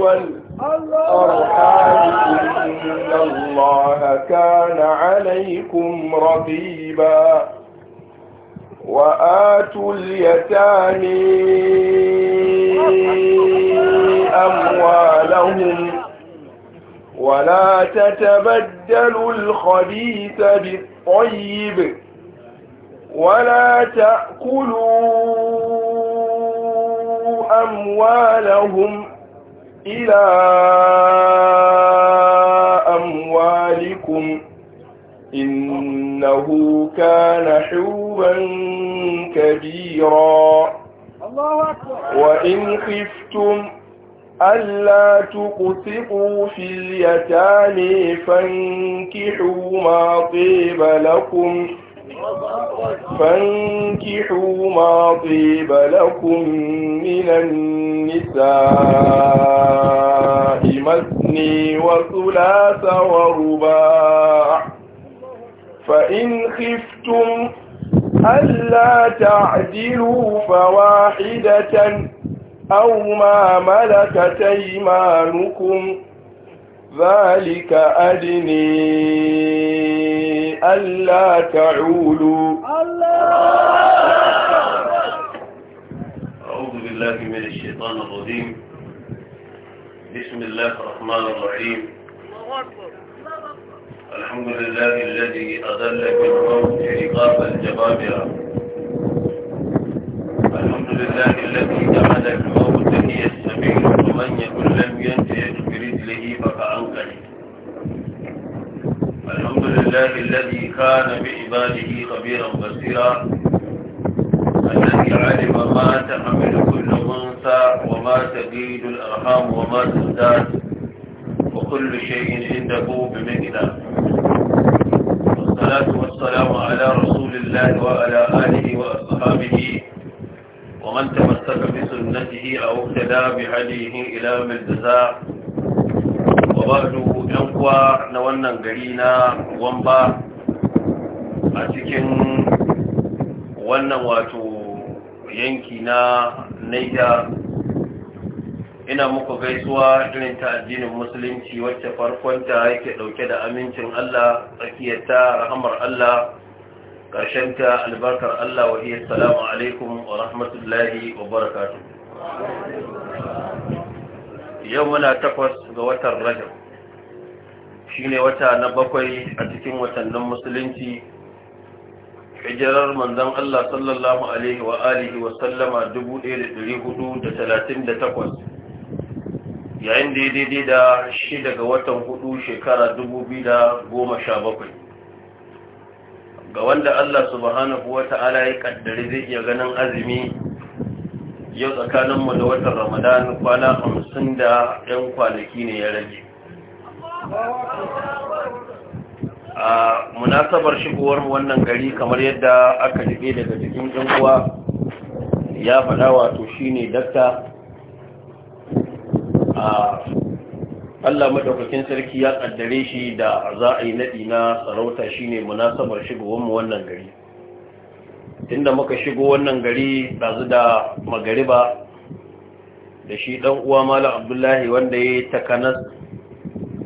هو إن الله كان عليكم رقيبا وآتوا اليتامى أموالهم ولا تتبدلوا الخبيث بالطيب ولا تأكلوا أموالهم إلى أموالكم إنه كان حوبا كبيرا وإن خفتم ألا تقسطوا في اليتامى فانكحوا ما طيب لكم فانكحوا ما طيب لكم من النساء مثني وثلاث ورباع فإن خفتم ألا تعدلوا فواحدة أو ما ملكت أيمانكم ذلك أدني ألا تعولوا أعوذ بالله من الشيطان الرجيم بسم الله الرحمن الرحيم الحمد لله الذي أذل بالموت رقاب الجبابرة الحمد لله الذي جعل الموت هي السبيل ومن يكن لم ينتهي برجله فكأنقذ الحمد لله الذي كان بعباده خبيرا بصيرا الذي علم ما تحمل كل انثى وما تزيد الارحام وما تزداد وكل شيء عنده بمقدار والصلاه والسلام على رسول الله وعلى اله واصحابه ومن تمسك بسنته او اقتدى بهديه الى من الجزاء na wannan gari na نوانا a cikin wannan wato yanki na naija ina muku gaisuwa irin ta addinin musulunci wacce farkonta yake dauke da amincin Allah tsakiyarta rahamar Allah ta albarkar Allah wa iya salamu alaikum wa rahmatullahi wa barakatu. yau muna takwas ga watan rajab shine wata na bakwai a cikin watannin musulunci hijirar manzon Allah sallallahu alaihi wa alihi wa sallama 1438 yayin da daidai da shi daga watan hudu shekara 2017 ga wanda Allah subhanahu wa ta'ala ya kaddare zai iya ganin azumi yau tsakaninmu da watan ramadan kwana hamsin da yan kwanaki ne ya rage a munasabar shigowar wannan gari kamar yadda aka jibe daga cikin uwa ya faɗa wato shine dakta a Allah madaukakin sarki ya kaddare shi da za a yi naɗi na sarauta shine munasabar shigowar mu wannan gari tunda muka shigo wannan gari dazu da magariba da shi ɗan uwa malam abdullahi wanda ya yi takanas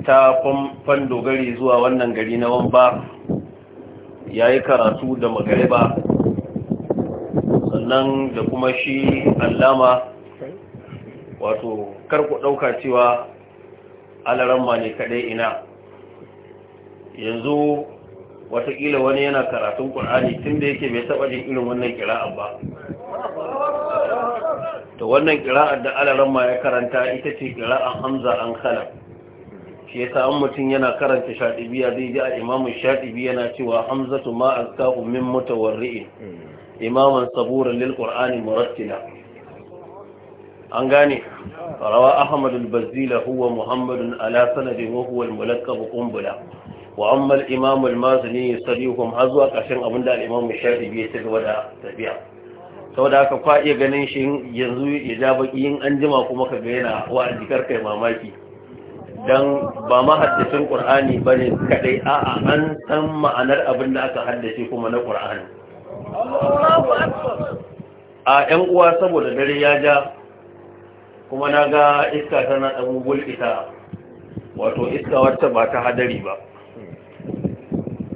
ta fan dogari zuwa wannan gari na wamba ya yi karatu da magariba sannan da kuma shi allama wato karku ɗauka cewa alaramma ne kadai ina yanzu watakila wani yana karatun ƙur'ani tun da yake bai taɓa jin irin wannan kira'ar ba to wannan ƙira'ar da alaran ma ya karanta ita ce kira'ar hamza an khalaf shi yasa an mutum yana karanta shaɗibiya zai ji a imamu shaɗibi yana cewa hamzatu ma azkahu min mutawarri'in imaman saburin lil qur'ani murattila an gane rawa ahmad al-bazzila huwa muhammadun ala sanadin wa huwa al-mulaqqab qumbula wa amma al al-mazini har zuwa ƙarshen abin da al-imam shafi'i ya ci gaba da tafiya da haka kwa iya ganin shi yanzu ya ja baki in an jima kuma ka gaina wa jikar kai mamaki dan ba mahaddacin ba ne kadai a'a an san ma'anar abin da aka haddase kuma na Kur'ani. a ƴan uwa saboda dare ya ja kuma na ga iska tana ɗan gulƙita wato iska wacce ba ta hadari ba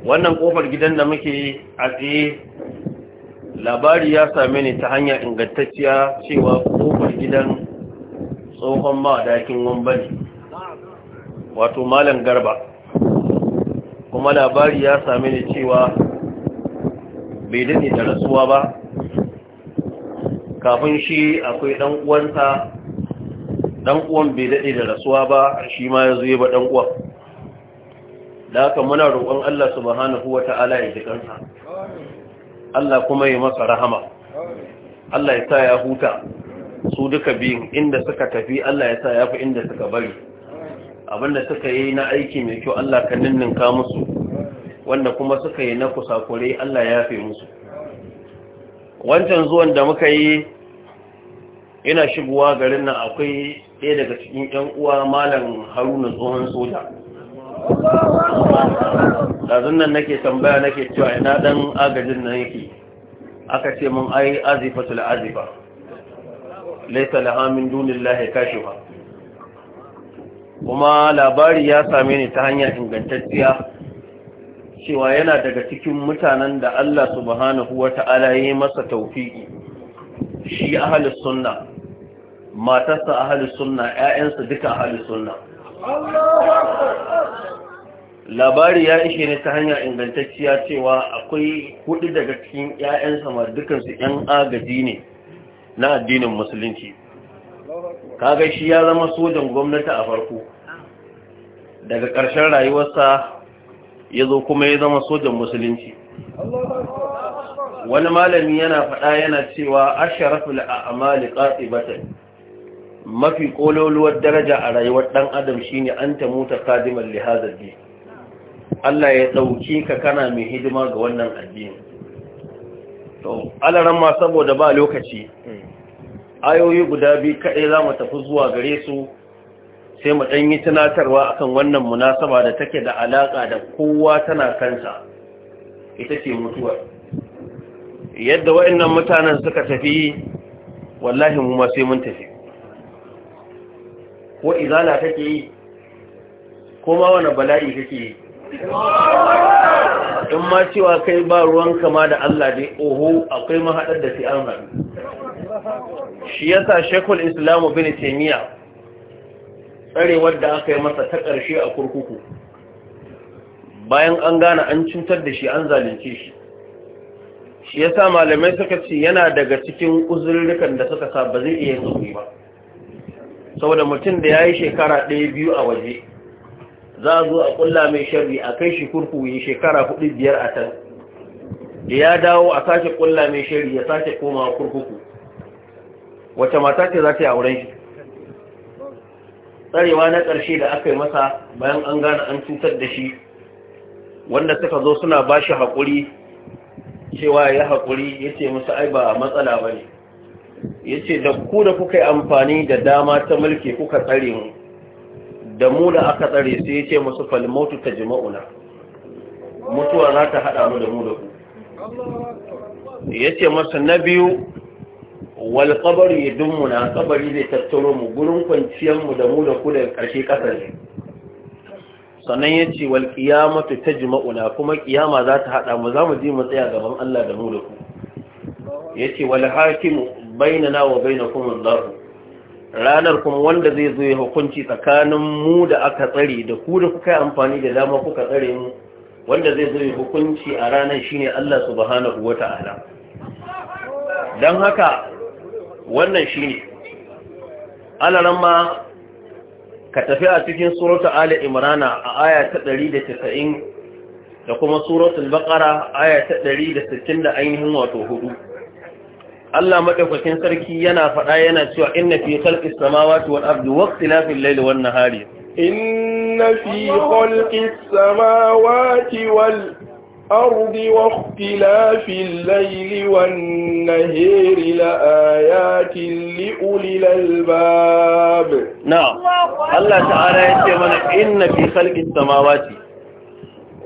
wannan kofar gidan da muke a tsaye labari ya same ni ta hanya ingantacciya cewa kofar gidan tsohon dakin wambani wato malam garba kuma labari ya same ni cewa bai daɗe da rasuwa ba kafin shi akwai ɗan uwansa bai daɗe da rasuwa ba shi ma ya zuwa ba da haka muna roƙon Allah subhanahu wata'ala ya ji kansa Allah kuma ya masa rahama Allah ya sa ya huta su duka biyun inda suka tafi Allah ya sa ya fi inda suka bari abinda suka yi na aiki mai kyau Allah ka ninninka musu wanda kuma suka yi na kusakure Allah ya fi musu wancan zuwan da muka yi ina shigowa garin nan akwai ɗaya daga cikin 'yan uwa malam haruna tsohon soja ɗazun nan nake tambaya nake cewa ina ɗan agajin nan yake aka ce mun ai azifatul azifa laisa laha min dunillahi kashifa kuma labari ya same ni ta hanyar ingantacciya cewa yana daga cikin mutanen da Allah subhanahu wata'ala ya masa tawfiki shi ahlus sunna matarsa ahlus sunna ƴaƴansa duka ahlus sunna labari ya ishe ne ta hanya ingantacciya cewa akwai hudu daga cikin 'ya'yan ma dukansu 'yan agaji ne na addinin musulunci kaga shi ya zama sojan gwamnati a farko daga ƙarshen rayuwarsa ya zo kuma ya zama sojan musulunci wani malami yana faɗa yana cewa asharaful la'amali qatibatan mafi kololuwar daraja a rayuwar ɗan adam shine an ta muta kadimar li Allah ya ɗauki ka kana mai hidima ga wannan addini to alaran ma saboda ba lokaci ayoyi guda biyu za mu tafi zuwa gare su sai mu ɗanyi yi tunatarwa kan wannan munasaba da take da alaƙa da kowa tana kansa ita ce mutuwa yadda waɗannan mutanen suka tafi wallahi mu ma sai mun tafi ko izala take yi ko ma wani bala'i take yi in ma cewa kai ba ruwan kama da Allah dai oho akwai mahaɗar da sai an haɗu shi yasa shekul islamu bin taimiyya tsarewar da aka yi masa ta ƙarshe a kurkuku bayan an gane an cutar da shi an zalunce shi shi yasa malamai suka ce yana daga cikin uzurrukan da suka sa ba zai iya yin ba Sau da mutum da ya yi shekara ɗaya biyu a waje za a zo a ƙulla mai sharri a kai shi kurkuyi shekara hudu biyar a can da ya dawo a sake ƙulla mai sharri ya sake komawa kurkuku wacce mata ce za ta yi auren shi tsarewa na ƙarshe da aka yi masa bayan an gane an cutar da shi wanda suka zo suna ba shi haƙuri cewa ya haƙuri ya ce musu ai ba matsala ba ne yace da ku da kuka yi amfani da dama ta mulki kuka tsare mu da mu da aka tsare sai yace musu fal mautu tajma'una mutuwa za ta hada mu da mu da ku yace masa na biyu wal qabr yadummuna qabri zai tattaro mu gurin kwanciyar mu da mu da ku da karshe kasar ne sannan ya ce wal ƙiyamatu ta jima'una kuma ƙiyama za ta haɗa mu za mu ji mu tsaya gaban Allah da mu da ku ya ce wal hakimu bainana wa bainakum Allah ranar kuma wanda zai zo ya hukunci tsakanin mu da aka tsare da ku da kuka yi amfani da dama kuka tsare mu wanda zai zo ya hukunci a ranar shine Allah subhanahu wata'ala dan haka wannan shine alaran ma ka tafi a cikin suratu ali imrana a aya ta 190 da kuma suratul baqara aya ta 160 da ainihin wato hudu Allah madaukakin sarki yana faɗa yana cewa inna fi khalqis samawati wal ardi wa ikhtilafil layli wan nahari inna fi khalqis samawati wal الأرض واختلاف الليل والنهير لآيات لأولي الألباب نعم الله تعالى يتمنى إن في خلق السماوات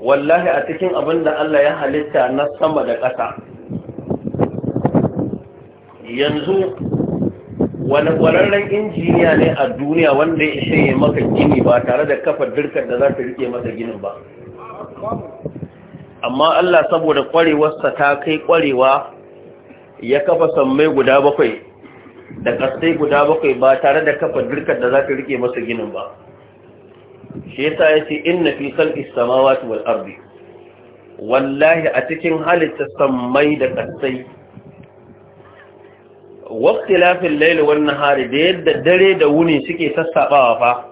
والله أتكين أبن الله يهلت نصم لك أسعى yanzu wani ƙwararren injiniya ne a duniya wanda ya ishe ya maka gini ba tare da kafa dirkar da za ta rike masa ginin ba amma Allah saboda ƙwarewarsa ta kai ƙwarewa ya kafa sammai guda bakwai da ƙasai guda bakwai ba tare da kafa dirkar da za ta rike masa ginin ba shi yasa ya ce inna fi khalqis samawati wal ardi wallahi a cikin halitta sammai da ƙasai lafin laili wannan hari da yadda dare da wuni suke sassaɓawa fa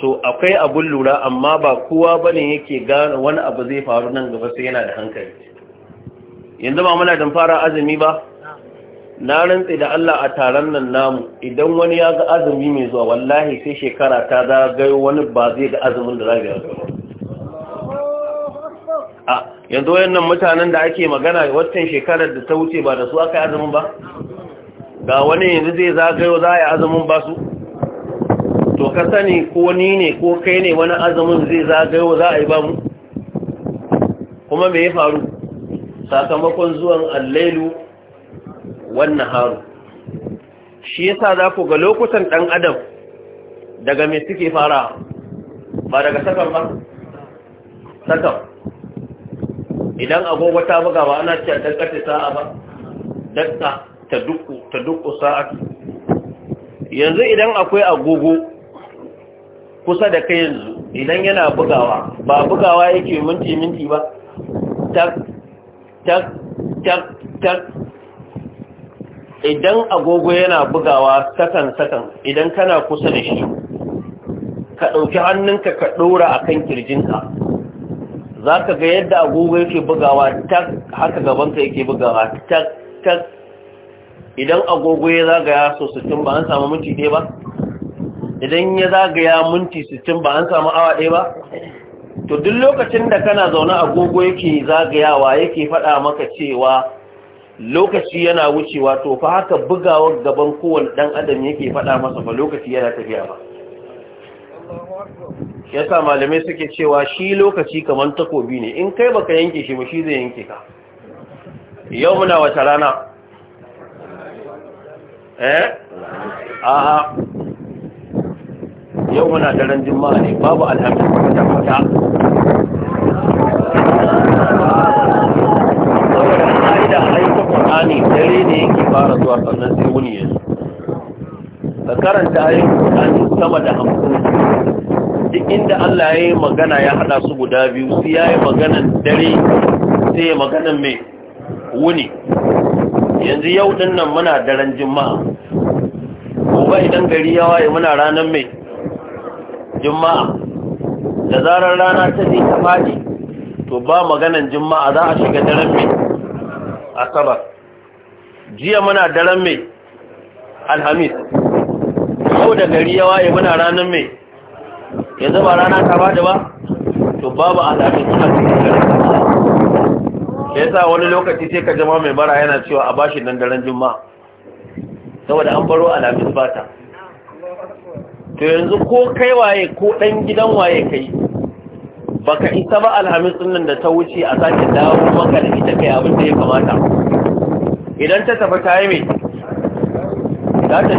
to akwai abin lura amma ba kowa bane yake gane wani abu zai faru nan gaba sai yana da hankali yanzu ba muna dan fara azumi ba na rantsi da Allah a taron nan namu idan wani ya ga azumi mai zuwa wallahi sai shekara ta zagayo wani ba zai ga azumin da zai ga a yanzu wayannan mutanen da ake magana watan shekarar da ta wuce ba da su aka yi azumin ba ga wani yanzu zai zagayo za a yi azumin ba su to ka sani ko ni ne ko kai ne wani azumin zai zagayo za a yi ba mu kuma me ya faru sakamakon zuwan allailu wannan haru shi yasa za ku ga lokutan ɗan adam daga me suke fara ba daga sakan ba Sakan. idan agogo ta buga ba ana cewa dan kace sa'a ba dakka ta dukku ta duku sa'a yanzu idan akwai agogo kusa da kai yanzu idan yana bugawa ba bugawa yake minti minti ba tak tak tak tak idan agogo yana bugawa sakan sakan idan kana kusa da shi ka ɗauki hannunka ka ɗora a kan kirjinka za ka ga yadda agogo yake bugawa tak haka gabanka yake bugawa tak tak idan agogo ya zagaya so 60 ba an samu minti ɗaya ba idan ya zagaya minti 60 ba an samu awa ɗaya ba to duk lokacin da kana zaune agogo yake zagayawa yake faɗa maka cewa lokaci yana wucewa to fa haka bugawar gaban kowane ɗan adam yake faɗa masa ba lokaci yana tafiya ba yasa malamai suke cewa shi lokaci kamar takobi ne in kai baka yanke shi ba shi zai yanke ka yau muna wata rana eh a yau muna daren juma'a ne babu alhamdu ba ta fata aika dare ne yake fara zuwa sannan sai wuni ya zo ka karanta ayoyin Qur'ani sama da hamsin duk inda Allah ya yi magana ya hada su guda biyu sai ya yi maganan dare sai ya maganan mai wuni yanzu yau din nan muna daren jima'a gobe idan gari ya waye muna ranar mai jima'a da zarar rana ta ne ta faɗi to ba maganan jima'a za a shiga daren mai asabar jiya muna daren mai alhamis yau da gari ya waye muna ranar mai yanzu ba rana ta ba da ba to babu alamun suna cikin garin ya sa wani lokaci sai ka jama mai bara yana cewa a bashi nan daren juma'a saboda an baro ba bata to yanzu ko kai waye ko dan gidan waye kai baka isa ba alhamis nan da ta wuce a sake dawo maka da ita kai abin da ya kamata idan ta tafi ta mai za ta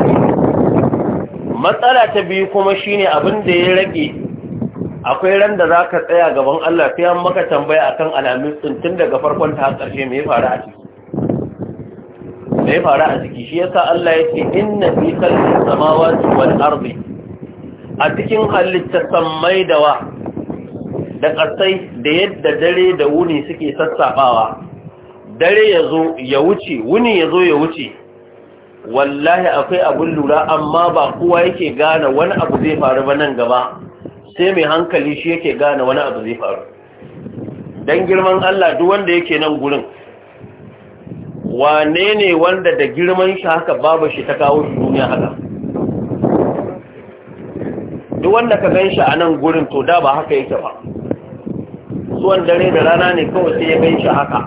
matsala ta biyu kuma shine abin da ya rage akwai ran da ka tsaya gaban Allah sai an maka tambaya akan alamun tsuntun daga farkon ta ƙarshe me fara a ciki me fara a ciki shi yasa Allah ya ce inna fi khalqis samawati wani arzi a cikin halittar sammai da wa da ƙasai da yadda dare da wuni suke sassaɓawa dare ya zo ya wuce wuni ya zo ya wuce wallahi akwai abin lura amma ba kowa yake gane wani abu zai faru ba nan gaba sai mai hankali shi yake gane wani abu zai faru don girman Allah duk wanda yake nan gurin wane ne wanda da girman shi haka babu shi ta kawo shi duniya haka duk wanda ka gan shi a nan gurin to da ba haka yake ba suwan dare da rana ne kawai sai ya gan shi haka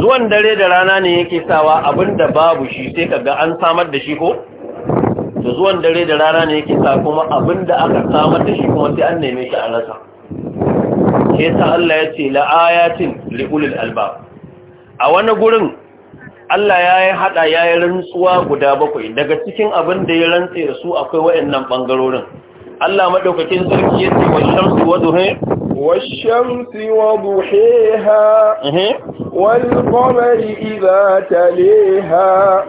zuwan dare da rana ne yake sawa abinda babu shi sai kaga an samar da shi ko Da zuwan dare da rana ne yake sa kuma abinda aka samar da shi kuma sai an neme shi a rasa ke sa Allah ya ce la'ayatin liulil a wani gurin Allah ya yi hada ya yi rantsuwa guda bakwai daga cikin abin da ya rantse da su akwai waɗannan bangarorin Allah madaukakin sarki ya ce wa shamsu wa والشمس وضحيها والقمر إذا تليها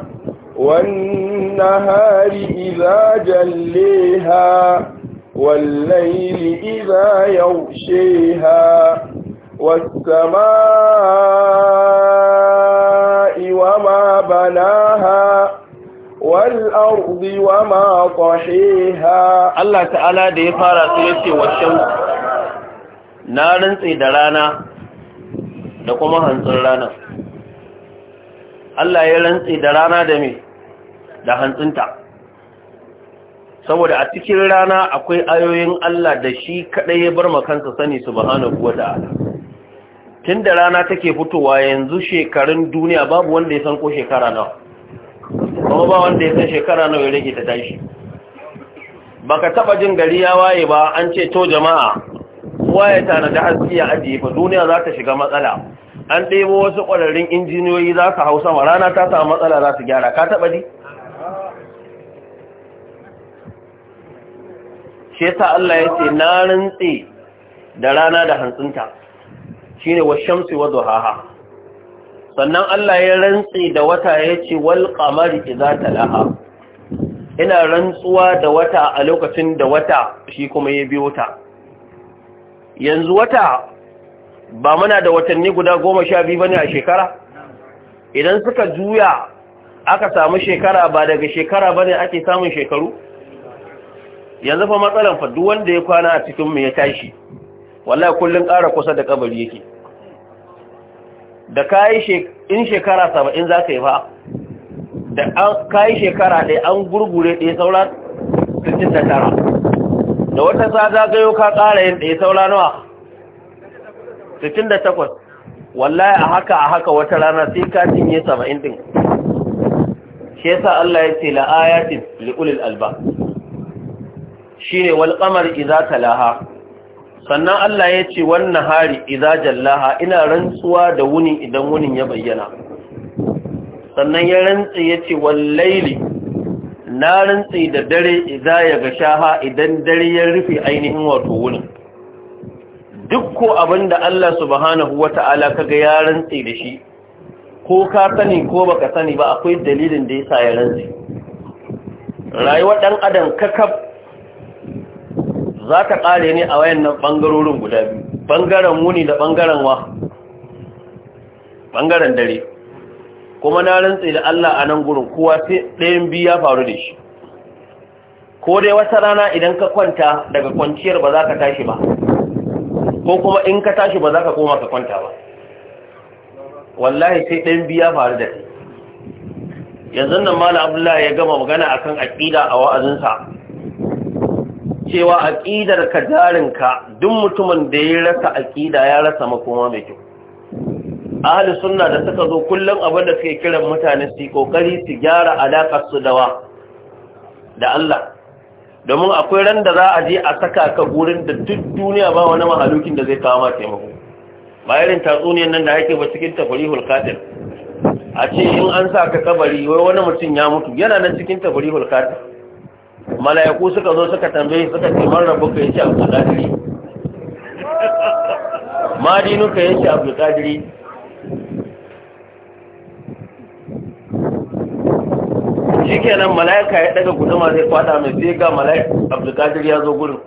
والنهار إذا جليها والليل إذا يغشيها والسماء وما بناها والأرض وما طحيها الله تعالى دي فارس يسي والشمس na rantse da rana da kuma hantsin rana Allah ya rantse da rana da me da hantsinta saboda a cikin rana akwai ayoyin Allah da shi kaɗai ya bar makansa sani subhanahu ta'ala tun da rana take fitowa yanzu shekarun duniya babu wanda ya san ko shekara nawa kuma ba wanda ya san shekara nawa ya rage ta tashi baka taba jin gari ya waye ba an ce to jama'a kowa ya tana da haske ya ajiye fa duniya za ta shiga matsala an ɗebo wasu ƙwararrun injiniyoyi za su hau sama rana ta samu matsala za su gyara ka taɓa ji shi ta Allah ya ce na rantse da rana da hantsinta ne wa shamsi wa zuhaha sannan Allah ya rantse da wata ya ce wal za ta laha. ina rantsuwa da wata a lokacin da wata shi kuma ya biyo ta yanzu wata ba muna da watanni guda goma sha biyu bane a shekara idan suka juya aka samu shekara ba daga shekara bane ake samun shekaru yanzu fa matsalan fa duk wanda ya kwana a cikin mu ya tashi wallahi kullun ƙara kusa da kabari yake da kayi in shekara 70 zaka yi fa da kai shekara ɗaya an gurgure ɗaya sauran 69 da wata sa gayo ka ƙara yin ɗaya saura nawa 68 wallahi a haka a haka wata rana sai ka cinye 70 ɗin. shi sa Allah ya ce la li'ulil alba Shi ne walƙamar iza talaha sannan Allah ya ce wannan hari iza jallaha ina rantsuwa da wuni idan wuni ya bayyana sannan ya rantsa ya ce wallaili na rantsi da dare za ya ga shaha idan dare ya rufe ainihin wato wuni. duk ko abinda Allah subhanahu wata'ala ga ya rantse da shi ko ka sani ko baka sani ba akwai dalilin da ya sa ya rantse. rayuwar ɗan adam kakab za ta kare ne a wayannan ɓangarorin guda biyu ɓangaren wuni da ɓangaren wa bangaren dare kuma na rantse da Allah a nan gurin kowa sai ɗayan biyu ya faru da shi ko dai wata rana idan ka kwanta daga kwanciyar ba za ka tashi ba ko kuma in ka tashi ba za ka koma ka kwanta ba wallahi sai ɗayan biyu ya faru da shi. yanzu nan mala abdullahi ya gama magana akan aƙida a wa'azinsa cewa aƙidar ka jarinka duk mutumin da ya rasa aƙida ya rasa makoma mai kyau ahalin sunna da suka zo kullum abin da suke kiran mutane su kokari su gyara alaƙar su dawa da Allah domin akwai ran da za a je a saka ka gurin da duk duniya ba wani mahalukin da zai kawo ma taimako ba irin tatsuniyar nan da ake ba cikin tafari katil a ce in an sa ka kabari wai wani mutum ya mutu yana nan cikin tafari katil malayaku suka zo suka tambaye suka ce man rabu ka yace abdul qadiri ma dinuka yake a qadiri shi kenan mala'ika ya daga guduma zai fada mai zai ga mala'ika abdulkadir ya zo gurin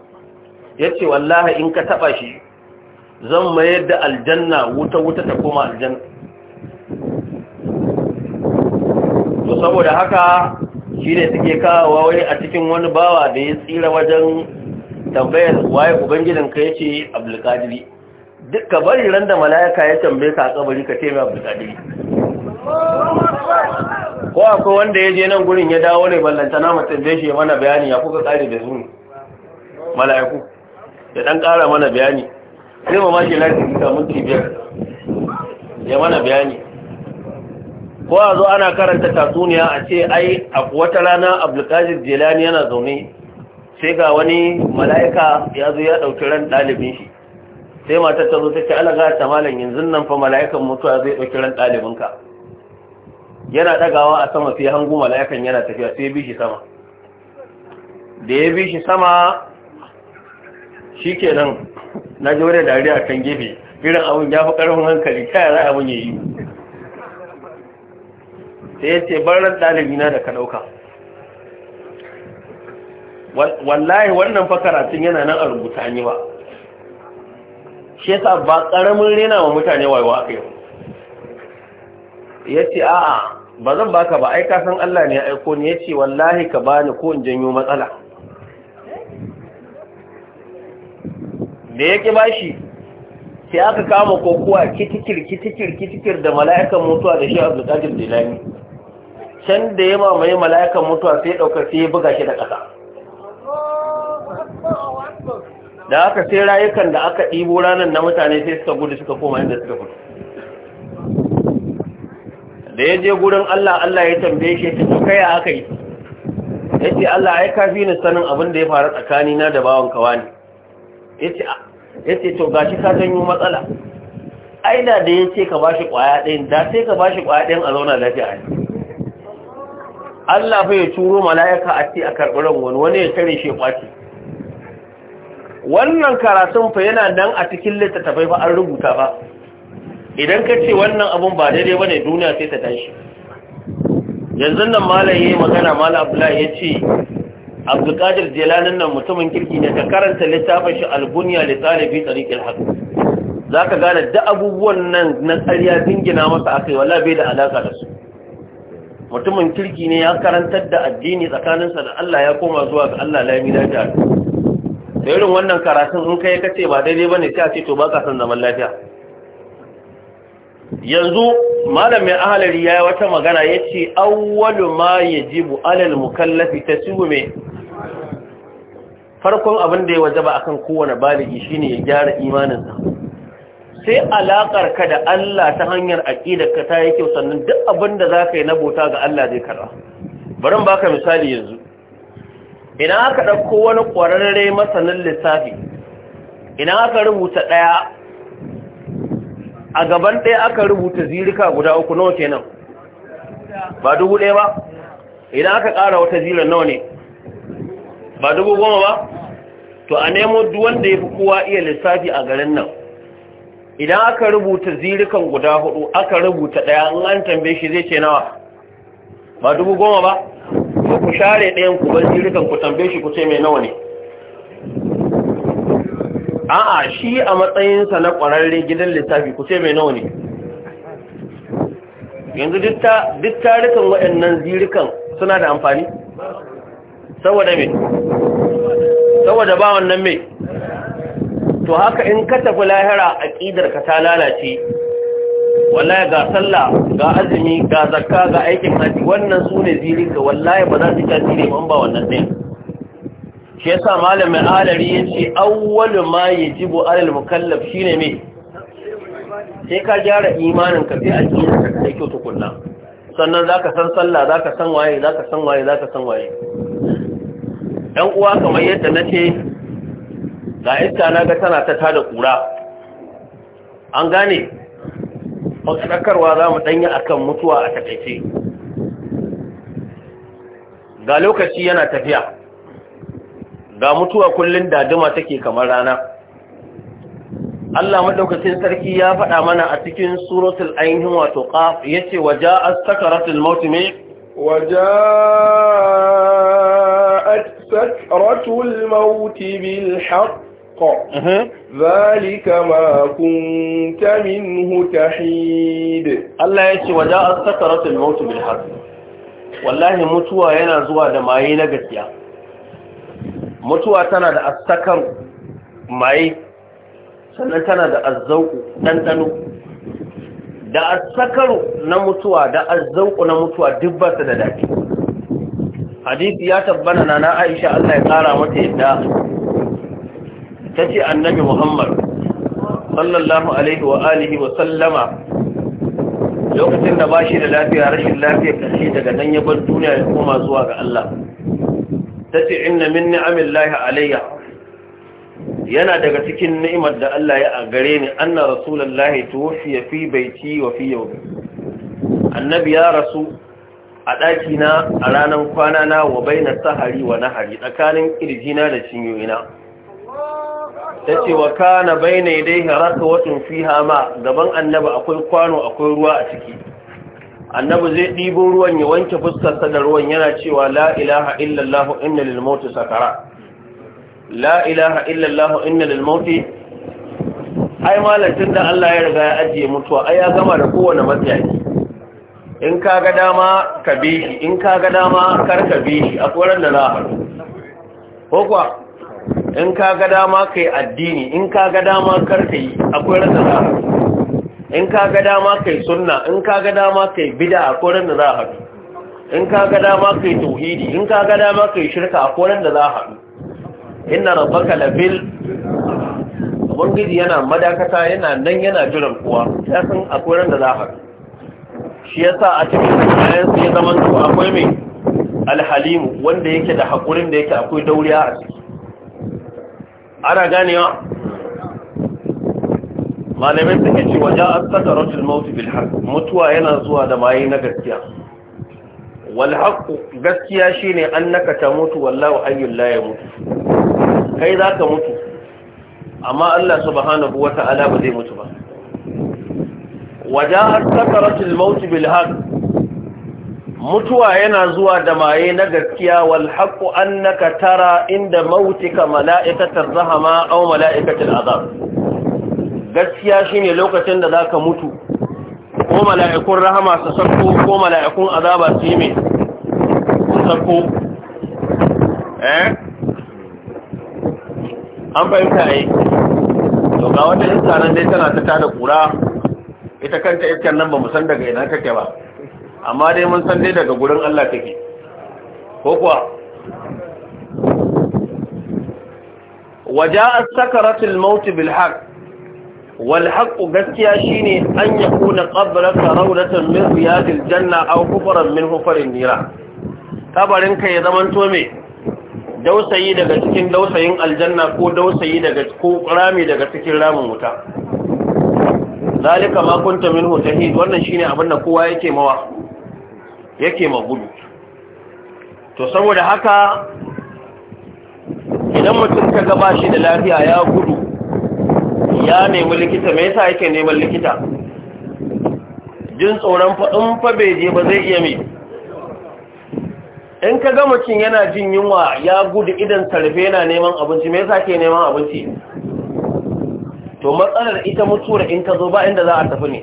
ya ce wallahi in ka taba shi zan mayar da aljanna wuta-wuta ta koma aljanna to saboda haka shi ne suke kawowa wani a cikin wani bawa da ya tsira wajen tambayar waye ubangidanka ya ce abdulkadiri duk ka bari randa da mala'ika ya tambaye ka a kabari ka ce mai abdulkadiri ko akwai wanda ya je nan gurin ya dawo ne ballanta na mutum da shi mana bayani ya kuka tsari da zuwa mala'iku ya dan kara mana bayani sai ma mashi lafi da mutum biyar ya mana bayani ko a zo ana karanta tatsuniya a ce ai a wata rana abdulkadir jelani yana zaune sai ga wani mala'ika ya zo ya ɗauki ran ɗalibin shi sai matar ta zo ta ce alaga ta malam yanzu nan fa mala'ikan mutuwa zai ɗauki ran ɗalibinka yana ɗagawa a sama sai hangu mala'ikan yana tafiya sai bi shi sama da ya bi shi sama shi nan, na ji wani dariya kan gefe irin abin ya fi ƙarfin hankali kaya za abin ya yi sai ya ce dalibi ɗalibina da ka ɗauka wallahi wannan fa karatun yana nan a rubuta ni ba shi yasa ba ƙaramin rena wa mutane wayewa aka yau ya ce a'a ba zan baka ba ai san Allah ne ya aiko ni ya ce wallahi ka bani ko in janyo matsala da ya ƙi bashi sai aka kama kokowa kitikir kitikir kitikir da mala'ikan mutuwa da shi abdulkadir jilani can da ya mamaye mala'ikan mutuwa sai ya ɗaukar sai ya buga shi da ƙasa da aka sai rayukan da aka ɗibo ranar na mutane sai suka gudu suka koma inda suka fito da ya je gurin Allah Allah ya tambaye shi ta kai aka yi ya ce Allah Ya kafi ni sanin abin da ya faru tsakanina da bawan kawa ne ya ce to gashi ka janyo matsala aina da da ya ce ka ba shi ƙwaya ɗayan da sai ka ba shi ƙwaya ɗayan a zauna lafiya ne Allah fa ya turo mala'ika a ce a karɓi wani wani ya tare shi ƙwaci wannan karatun fa yana nan a cikin littattafai fa an rubuta ba idan ka ce wannan abun ba daidai bane duniya sai ta tashi yanzu nan malam yayi magana malam Abdullahi ya ce Abdulkadir Jalanin nan mutumin kirki ne ka karanta littafin shi al li Talibi Tariqil Haq zaka gane da abubuwan nan na tsariya dingina masa akai wallahi bai da alaka da su mutumin kirki ne ya karantar da addini tsakaninsa da Allah ya koma zuwa ga Allah lami lafiya da irin wannan karatun in kai kace ba daidai bane sai a ce to baka san zaman lafiya yanzu malamin ahalari ya yi wata magana ya ce awwalu ma ya ji bu alal mukallafi ta sigo mai farkon abin da ya waje ba a kan kowane baligi ne ya gyara imaninsa sai alaƙar ka da Allah ta hanyar aƙida ka ta yi kyau sannan duk abin da za ka yi na bauta ga Allah zai karɓa barin baka misali yanzu ina aka ɗauko wani ƙwararre masanin lissafi ina aka rubuta ɗaya a gaban ɗaya aka rubuta zirika guda uku nawa kenan ba dubu ɗaya ba idan aka ƙara wata zirar nawa ne ba dubu goma ba to a nemo duwanda ya fi kowa iya lissafi a garin nan idan aka rubuta zirikan guda hudu aka rubuta ɗaya in an tambaye shi zai ce nawa ba dubu goma ba ko ku share ɗayan ku ban zirikan ku tambaye shi ku ce mai nawa ne a'a shi a matsayinsa na ƙwararre gidan littafi, ku ce mai nawa ne yanzu duk tarikan waɗannan zirikan suna da amfani saboda mai saboda ba wannan mai to haka in ka tafi lahira a ka ta lalace wallahi ga sallah ga azumi ga zakka ga aikin haji wannan su ne zirika wallahi ba za su ta zire ba wannan ɗin shi yasa malamin alari yace awwalu ma yajibu alal mukallaf shine me sai ka gyara imanin ka sai addinin ka sai kyau tukunna sannan zaka san sallah zaka san waye zaka san waye zaka san waye dan uwa kamar yadda nace ga iska na ga tana ta tada kura an gane fasakarwa za mu danyi akan mutuwa a takaice ga lokaci yana tafiya ga mutuwa kullun daduma take kamar rana Allah madaukakin sarki ya faɗa mana a cikin suratul ainihin wato qaf yace waja'at sakaratul maut me waja'at sakaratul maut bil haqq ذلك ما كنت منه تحيد الله يتي وجاءت سكرة الموت بالحق والله متوى ينا زوا na نغسيا mutuwa tana da asakar maye sannan tana da azzauku ɗanɗano da asakaru na mutuwa da azzauku na mutuwa duk su da daɗi hadisi ya tabbana na na aisha allah ya ƙara mata yadda ta ce annabi muhammad sallallahu alaihi wa alihi wa sallama lokacin da ba shi da lafiya rashin lafiya kashe daga nan ya bar duniya ya koma zuwa ga allah tace inna min Lahi alayya yana daga cikin ni'imar da Allah ya gare ni anna rasulullahi tuwfiya fi baiti wa fi yawmi annabi ya rasu a ɗakina a ranar kwana na wa baina sahari wa nahari tsakanin kirjina da cinyoyina ce, wa kana dai yadayhi rakawatun fiha ma gaban annabi akwai kwano akwai ruwa a ciki Annabu zai ɗibo ruwan ya wanke fuskarsa da ruwan yana cewa la ilaha illallah inna lil sakara la ilaha illallah inna lil mauti ai malakin da Allah ya riga ya ajiye mutuwa ai ya gama da kowane matsayi in ka ga dama ka bi shi in ka ga dama kar ka bi shi a tsoron da za ko kuwa in ka ga dama ka yi addini in ka ga dama kar ka yi a tsoron da za in ka ga dama kai sunna in ka ga dama kai bid'a a koren da za a haɗu in ka ga dama kai tauhidi in ka ga dama kai shirka a koren da za a haɗu inna rabbaka labil ubangiji yana madakata yana nan yana jiran kuwa, ya san a koren da za a haɗu shi yasa a cikin ayan sai zaman to akwai mai alhalimu wanda yake da hakurin da yake akwai dauriya a ciki ana ganewa malamai suke ce waje an saka rajul mautu bil mutuwa yana zuwa da maye na gaskiya wal gaskiya shine annaka ta mutu wallahu hayyul la mutu. kai zaka mutu amma Allah subhanahu wata'ala ba zai mutu ba waje an saka rajul mautu bil mutuwa yana zuwa da maye na gaskiya wal haqqu annaka tara inda mautika mala'ikatar rahama aw mala'ikatul azab gaskiya shi ne lokacin da za ka mutu ko mala'ikun rahama su sako ko mala'ikun azaba su yi mai sako eh an fahimta yi to ga wata iska nan dai tana ta tada kura ita kanta iskan nan ba musan san daga ina take ba amma dai mun san dai daga gurin Allah take ko kuwa waja'a sakaratul maut bil haqq walhaƙu haqqu gaskiya shine an yakuna qabraka rawlatan min riyadil janna aw kufran min hufarin nira kabarin ka ya zamanto me dausayi daga cikin dausayin aljanna ko dausayi daga ko rami daga cikin ramin wuta zalika ma kunta minhu tahid wannan shine abin da kowa yake mawa yake magudu to saboda haka idan mutum ka gaba shi da lafiya ya gudu ya nemi likita me sa yake neman likita jin tsoron faɗin fabeje ba zai iya mai in ka gama cin yana jin yunwa ya gudu idan tarfe yana neman abinci mai sa ke neman abinci to matsalar ita da in ka zo ba inda za a tafi ne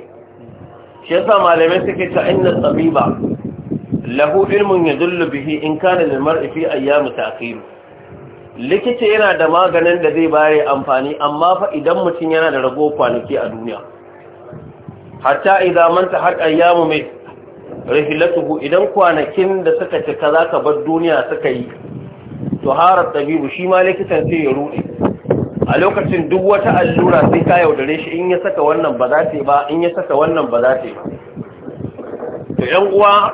shi yasa malamai suke ta inna tsabiba lahu ya zullu bihi in kana limar ifi ayyamu ta likita yana da maganin da zai baya amfani amma fa idan mutum yana da rago kwanaki a duniya hatta idan manta har ayyamu mai rahilatuhu idan kwanakin da suka cika zaka bar duniya suka yi to harar tabibu shi ma likitan sai ya rudi a lokacin duk wata allura sai ka yaudare shi in ya saka wannan ba za ta ba in ya saka wannan ba za ta ba to yan uwa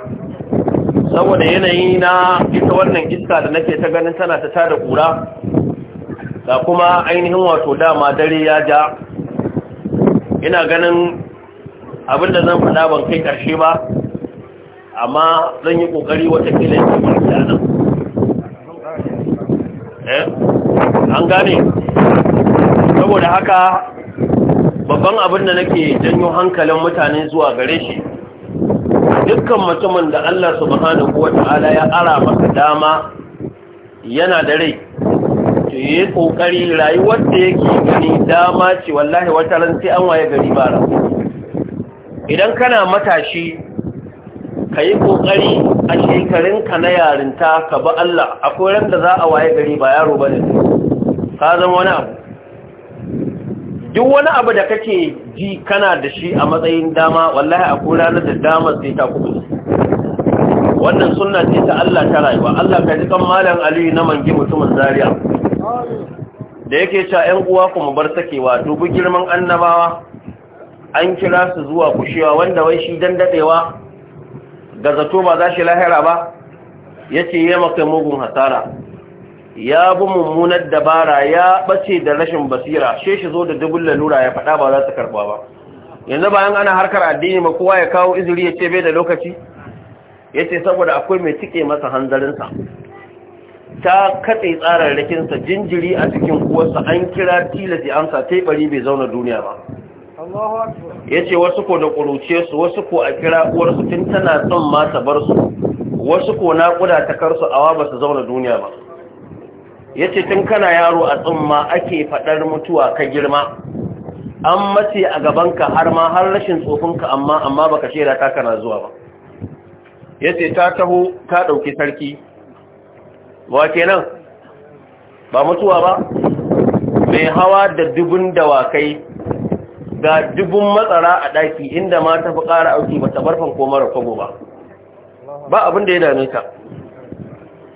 saboda yanayi na ita wannan iska da nake ta ganin tana ta tada kura ga kuma ainihin wato dama dare ya ja ina ganin abinda zan faɗa ban kai ƙarshe ba amma zan yi ƙoƙari watakila yin ya a nan eh? an gane saboda haka babban abin da nake janyo hankalin mutane zuwa gare shi dukkan mutumin da Allah subhanahu wata'ala ya ara masa dama yana da rai to yi kokari rayuwar da yake gani dama ce wallahi wata ran sai an waye gari bara idan kana matashi ka yi kokari a shekarunka na yarinta ka ba Allah akwai ran da za a waye gari ba yaro ba ne ka zama wani abu duk wani abu da kake ji kana da shi a matsayin dama wallahi a ranar da dama sai ta kudu wannan sunna ce ta Allah ta rayuwa Allah ka ji kan malam Ali na mangi mutumin zariya da yake cewa 'yan uwa ku mu bar sakewa dubi girman annabawa an kira su zuwa kushewa wanda wai shi dan dadewa ga zato ba za shi lahira ba yace yema kai mugun hasara ya bi mummunar dabara ya ɓace da rashin basira she shi zo da dubun lalura ya faɗa ba za su karɓa ba yanzu bayan ana harkar addini ma kowa ya kawo izuri ya ce bai da lokaci ya ce saboda akwai mai cike masa hanzarinsa ta katse rikinsa jinjiri a cikin kuwarsa an kira tilasi amsa ta bari bai zauna duniya ba ya ce wasu ko da ƙuruce su wasu ko a kira uwarsu tun tana son ma ta bar su wasu ko naƙuda ta awa ba su zauna duniya ba ya ce tun kana yaro a tsumma ake faɗar mutuwa ka girma an mace a gabanka har ma har rashin tsofinka amma amma baka shaida ta kana zuwa ba ya ce ta taho ta ɗauki sarki wa kenan ba mutuwa ba mai hawa da dubun dawakai ga dubun matsara a ɗaki inda ma ta fi ƙara auki ba ta barfan ko mara kwago ba ba abin da ya dame ta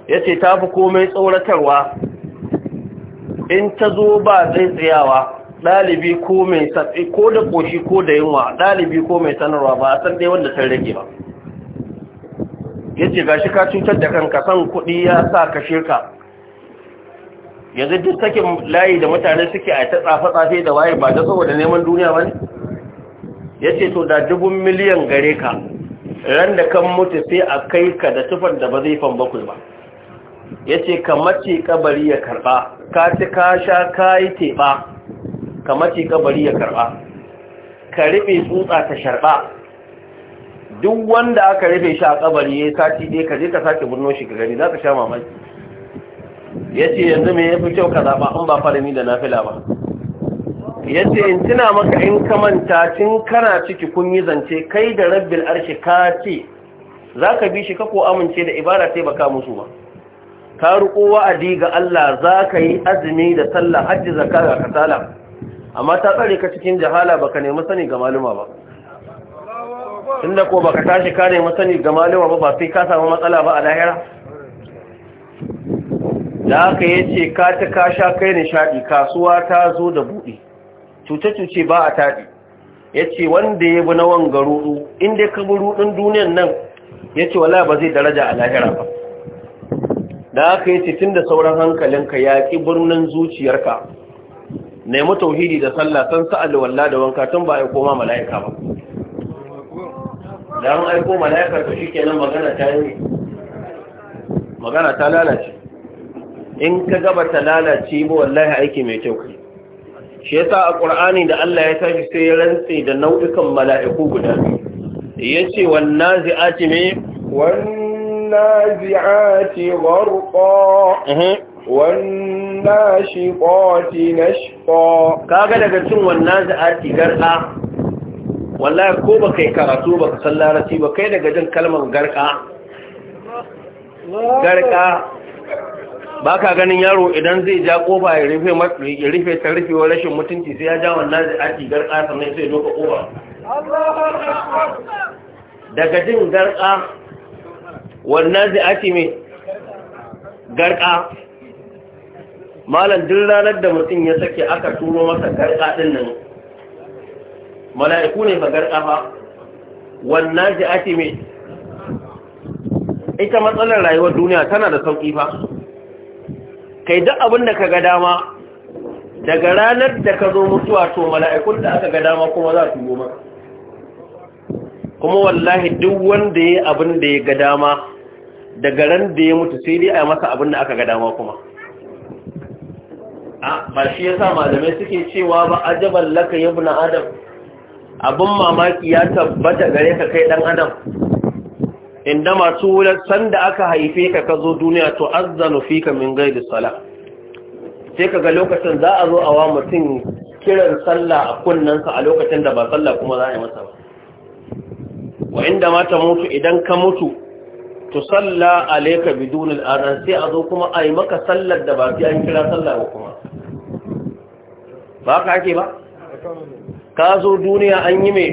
ya ce ta fi komai tsoratarwa in ta zo ba zai tsayawa ɗalibi ko mai satsi ko da ƙoshi ko da yunwa ɗalibi ko mai sanarwa ba a san ɗaya wanda ta rage ba ya ce gashi ka cutar da kanka san kuɗi ya sa ka shirka yanzu duk sakin layi da mutane suke a ta tsafe-tsafe da waye ba ta saboda neman duniya ba ne ya ce to da dubun miliyan gare ka ran da kan mutu sai a kai ka da tufar da ba zai fan bakwai ba yace kamar ce kabari ya karba ka ci ka sha ka yi teba kamar ce kabari ya karba ka rufe tsutsa ta sharba duk wanda aka rufe shi a kabari ya sati ɗaya ka je ka sake burno shi ga gari za ka sha mamaki ya ce yanzu mai yafi kyau ka zaɓa an ba ni da nafila ba ya ce in tuna maka in ka manta tun kana ciki kun yi zance kai da rabbin arshi ka ce za ka bi shi ka ko amince da ibada sai baka musu ba ka riƙo wa'adi ga Allah za ka yi azumi da sallah hajji zaka ga kasala amma ta tsare ka cikin jahala baka nemi sani ga maluma ba tunda ko baka tashi ka nemi sani ga maluma ba ba sai ka samu matsala ba a lahira da haka yace ka ta ka sha kai nishaɗi kasuwa ta zo da buɗe cuce-cuce ba a taɗi ya ce wanda ya bi na wangaru inda ka bi ruɗin duniyan nan ya ce wala ba zai daraja a lahira ba da aka yi tun da sauran hankalinka ya ƙi birnin zuciyarka nemi tauhidi da sallah san sa'ad walla da wanka tun ba a aiko ma mala'ika ba da an aiko mala'ika to shi kenan magana ta yi magana ta lalace in ka gaba ta lalace ba wallahi aiki mai kyau kai shi yasa a ƙur'ani da Allah ya tashi sai ya rantse da nau'ikan mala'iku guda biyu yace wan nazi'ati me wan والنازعات غرقا والناشطات نشطا kaga daga cin wannan za'ati garka wallahi ko kai karatu baka san larabci ba kai daga jin kalmar garka Ba ka ganin yaro idan zai ja kofa ya rufe ya rufe ta rufe wa rashin mutunci sai ya ja wannan za'ati garka sannan sai doka kofa daga jin garka wannan zai ake mai garka malam duk ranar da mutum ya sake aka turo masa garka din nan mala'iku ne ba garka ba wannan zai ake mai ita matsalar rayuwar duniya tana da sauƙi fa kai duk abin da ka ga dama daga ranar da ka zo mutuwa to mala'ikun da aka ga dama kuma za su goma kuma wallahi duk wanda ya abin da ya ga dama daga ran da ya mutu sai dai a masa abin da aka ga dama kuma A ba shi yasa malamai suke cewa ba ajaban laka na adam abin mamaki ya tabbata gare ka kai dan adam inda masu wular sanda aka haife ka ka zo duniya to azzanu fika min da sala sai ka ga lokacin za a zo a wa mutum kiran sallah a kunnansa a lokacin da ba sallah kuma za a yi masa ba wa inda mata mutu idan ka mutu to salla alayka bidun al'adhan sai a zo kuma a yi maka sallar da ba sai an kira sallah ba kuma ba ka ake ba ka zo duniya an yi mai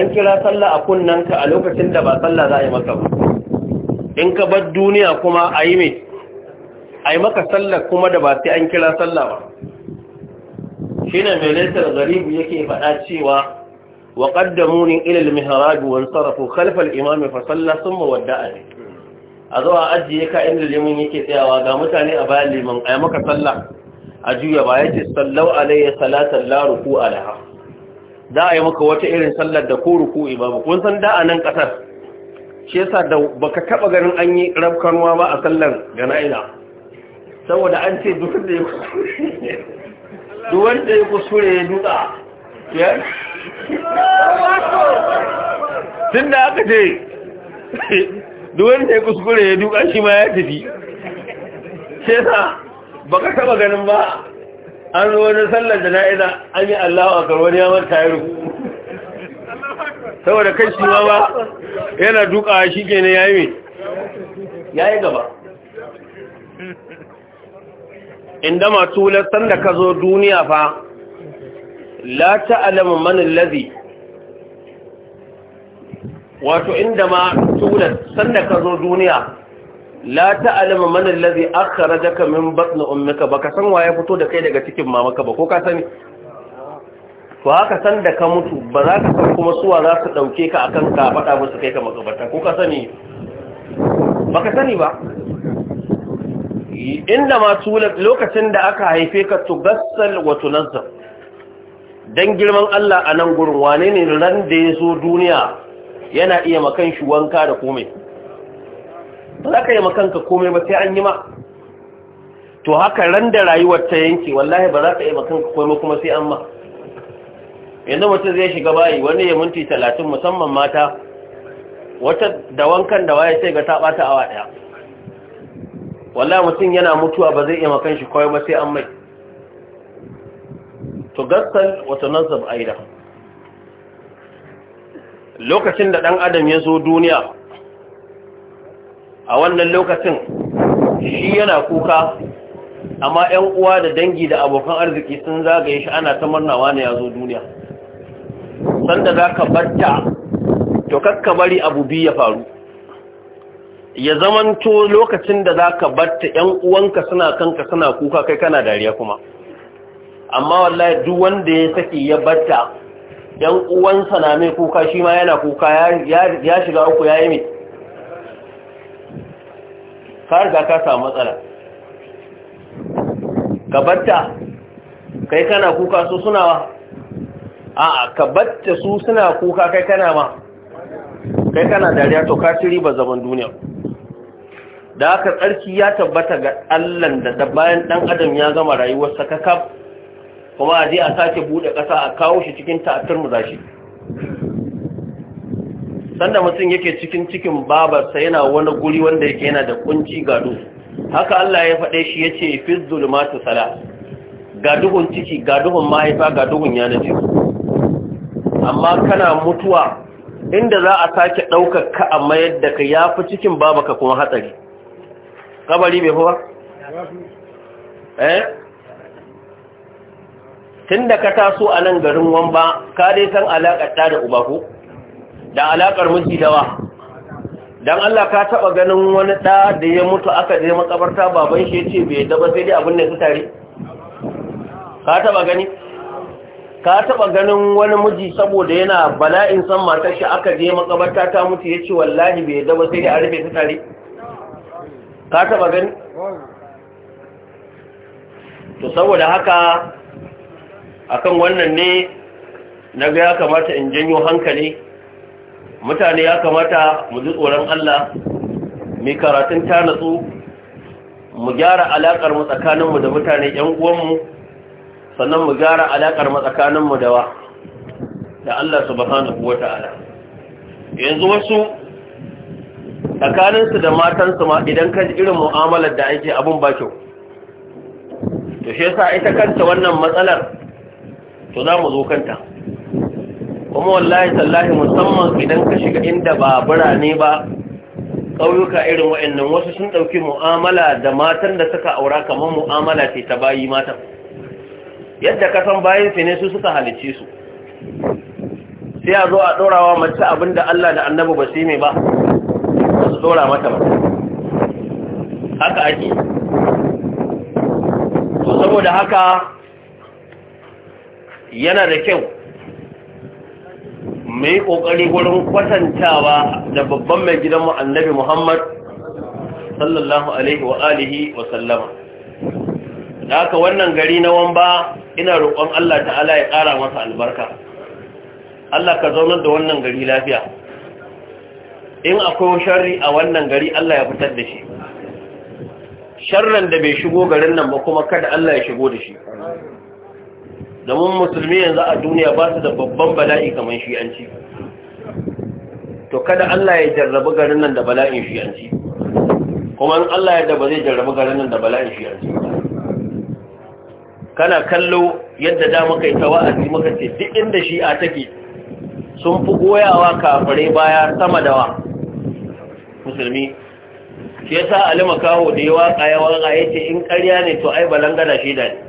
an kira sallah a kunnanka a lokacin da ba sallah za a yi maka ba in ka bar duniya kuma a yi mai a yi maka sallar kuma da ba sai an kira sallah ba shi ne mai laisar garibu yake faɗa cewa وقدموني إلى المهراج وانصرفوا خلف الإمام فصلى ثم ودعني أزوى أجي كأن اليمين يكتيا وقامتني أبالي من قيامك صلى أجي بايجي صلوا علي صلاة لا ركوع لها da a yi maka wata irin sallar da ko ruku'i babu kun san da a nan ƙasar shi yasa da baka taba ganin an yi rafkanwa ba a sallar gana'ina saboda an ce ya kusure ya dutsa tun da aka ce duwan da ya kuskure ya duka shi ma ya tafi sai sa ba ka taba ganin ba an zo wani sallar da ina an yi allahu a karwani ya mata ya ruku saboda kan shi ma ba yana duka shi ke ne ya yi gaba inda masu da ka zo duniya fa la ta'lamu man allazi wato inda ma tura sanda ka zo duniya la ta'lamu man allazi akhrajaka min batni ummika baka san waye fito da kai daga cikin mamaka ba ko ka sani to haka sanda ka mutu ba za ka san kuma suwa za su dauke ka akan ka faɗa musu kai ka makabarta ko ka sani baka sani ba inda ma tula lokacin da aka haife ka tugassal wa tunazzal dan girman Allah a nan gurin wane ne ran da ya zo duniya yana iya makan shi wanka da komai ba za ka yi makanka komai ba sai an yi ma to haka ran da rayuwar ta yanke wallahi ba za ka yi makanka komai kuma sai an ma yanzu mutum zai shiga bayi wani ya minti talatin musamman mata wata da wankan da waye sai ga ta awa daya wallahi mutum yana mutuwa ba zai iya makan shi kawai ba sai an mai tugassal wa tunazzab aida lokacin da dan adam ya zo duniya a wannan lokacin shi yana kuka amma 'yan uwa da dangi da abokan arziki sun zagaye shi ana ta murnawa ne ya zo duniya sanda za ka barta to kakka bari abu biyu ya faru ya zamanto lokacin da za ka batta 'yan uwanka suna kanka suna kuka kai kana dariya kuma amma wallahi duk wanda ya saki ya batta yan uwansa na mai kuka shi ma yana kuka ya shiga uku ya yi mai ka ka samu matsala ka batta kai kana kuka su suna wa a ka batta su suna kuka kai kana ma kai kana dariya to ka ci riba zaman duniya da aka tsarki ya tabbata ga allan da bayan dan adam ya gama rayuwarsa ka kakaf kuma a je a sake buɗe kasa a kawo shi cikin ta'atar mu zashi sanda mutum yake cikin cikin babarsa yana wani guri wanda yake yana da kunci gado haka Allah ya faɗe shi yace ce fi zulmatu sala Gaduhun ciki gaduhun duhun mahaifa ga duhun yana ciki amma kana mutuwa inda za a sake ɗaukar ka a mayar ka ya fi cikin babaka kuma hatsari kabari bai fi ba? eh tun da ka taso a nan garin wamba ka dai san alaƙar ɗa da uba ko da alaƙar miji da wa, don Allah ka taɓa ganin wani ɗa da ya mutu aka je makabarta baban shi ce bai daba sai dai abin da su tare ka taɓa gani ka taɓa ganin wani miji saboda yana bala'in san matar shi aka je makabarta ta mutu ya ce wallahi bai daba sai dai a rufe su tare ka taɓa gani to saboda haka akan wannan ne na ga ya kamata in janyo hankali mutane ya kamata mu ji tsoron Allah mai karatun ta natsu mu gyara alaƙar mu tsakaninmu da mutane ‘yan uwanmu sannan mu gyara alaƙar mu tsakaninmu da wa da Allah subhanahu wa ta'ala yanzu wasu tsakaninsu da matansu ma idan kan irin mu'amalar da ake abin ba kyau to shi yasa ita kanta wannan matsalar to za mu zo kanta kuma wallahi tallahi musamman idan ka shiga inda ba birane ba ƙauyuka irin wa'annan wasu sun ɗauki mu'amala da matan da suka aura kamar mu'amala ce ta bayi matan yadda ka san bayan su ne su suka halicce su sai a zo a ɗorawa mace abin da Allah da annabi ba su mai ba ba su ɗora mata ba haka ake to saboda haka yana da kyau mai kokari wurin kwatantawa da babban mai gidan mu annabi Muhammad sallallahu alaihi wa alihi wa sallama da haka wannan gari na wamba ina roƙon Allah ta'ala ya ƙara masa albarka Allah ka zaunar da wannan gari lafiya in akwai sharri a wannan gari Allah ya fitar da shi sharran da bai shigo garin nan ba kuma kada Allah ya shigo da shi Zaman musulmi yanzu a duniya ba su da babban bala'i kamar shi'anci to kada Allah ya jarrabu garin nan da bala'in shi'anci kuma in Allah ya ba zai jarrabu garin nan da bala'in shi'anci kana kallo yadda da muka yi tawa'azi muka ce duk inda shi'a take sun fi goyawa kafare baya sama da wa musulmi shi yasa Ali kawo da ya waka ya waka yace in ƙarya ne to ai balangada shi da ne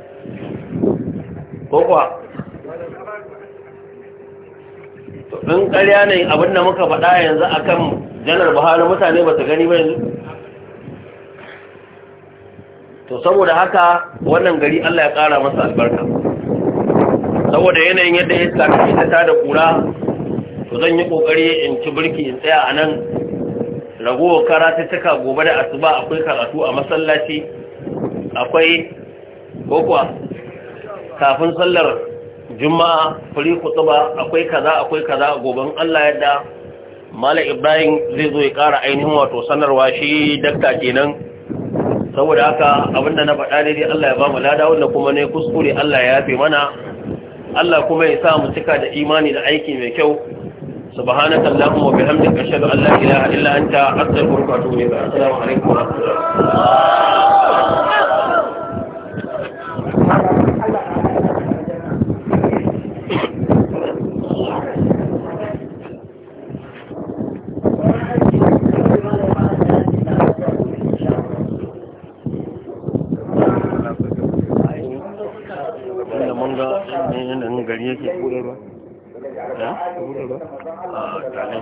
ko kuwa in ƙarya ne abinda muka faɗa yanzu akan janar buhari mutane ba su gani ba yanzu to saboda haka wannan gari Allah ya ƙara masa albarka saboda yanayin yadda ya sami ta da kura to zan yi ƙoƙari in ci birki in tsaya a nan ragowar karatuttuka gobe da asuba akwai karatu a masallaci akwai kokwa kafin sallar juma'a furi kutuba akwai kaza akwai kaza goben Allah yadda Malam Ibrahim zai zo ya kara ainihin wato sanarwa shi dakta kenan saboda haka abinda na faɗa ne dai Allah ya bamu mu lada wanda kuma ne kuskure Allah ya yafe mana Allah kuma ya sa mu cika da imani da aiki mai kyau ashhadu an la ilaha illa anta astaghfiruka wa atubu أستغفرك assalamu alaikum wa rahmatullahi wa barakatuh gari yake buɗe ba ya ba a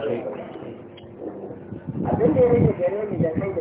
ya gare